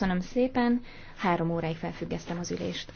Köszönöm szépen, három óráig felfüggesztem az ülést.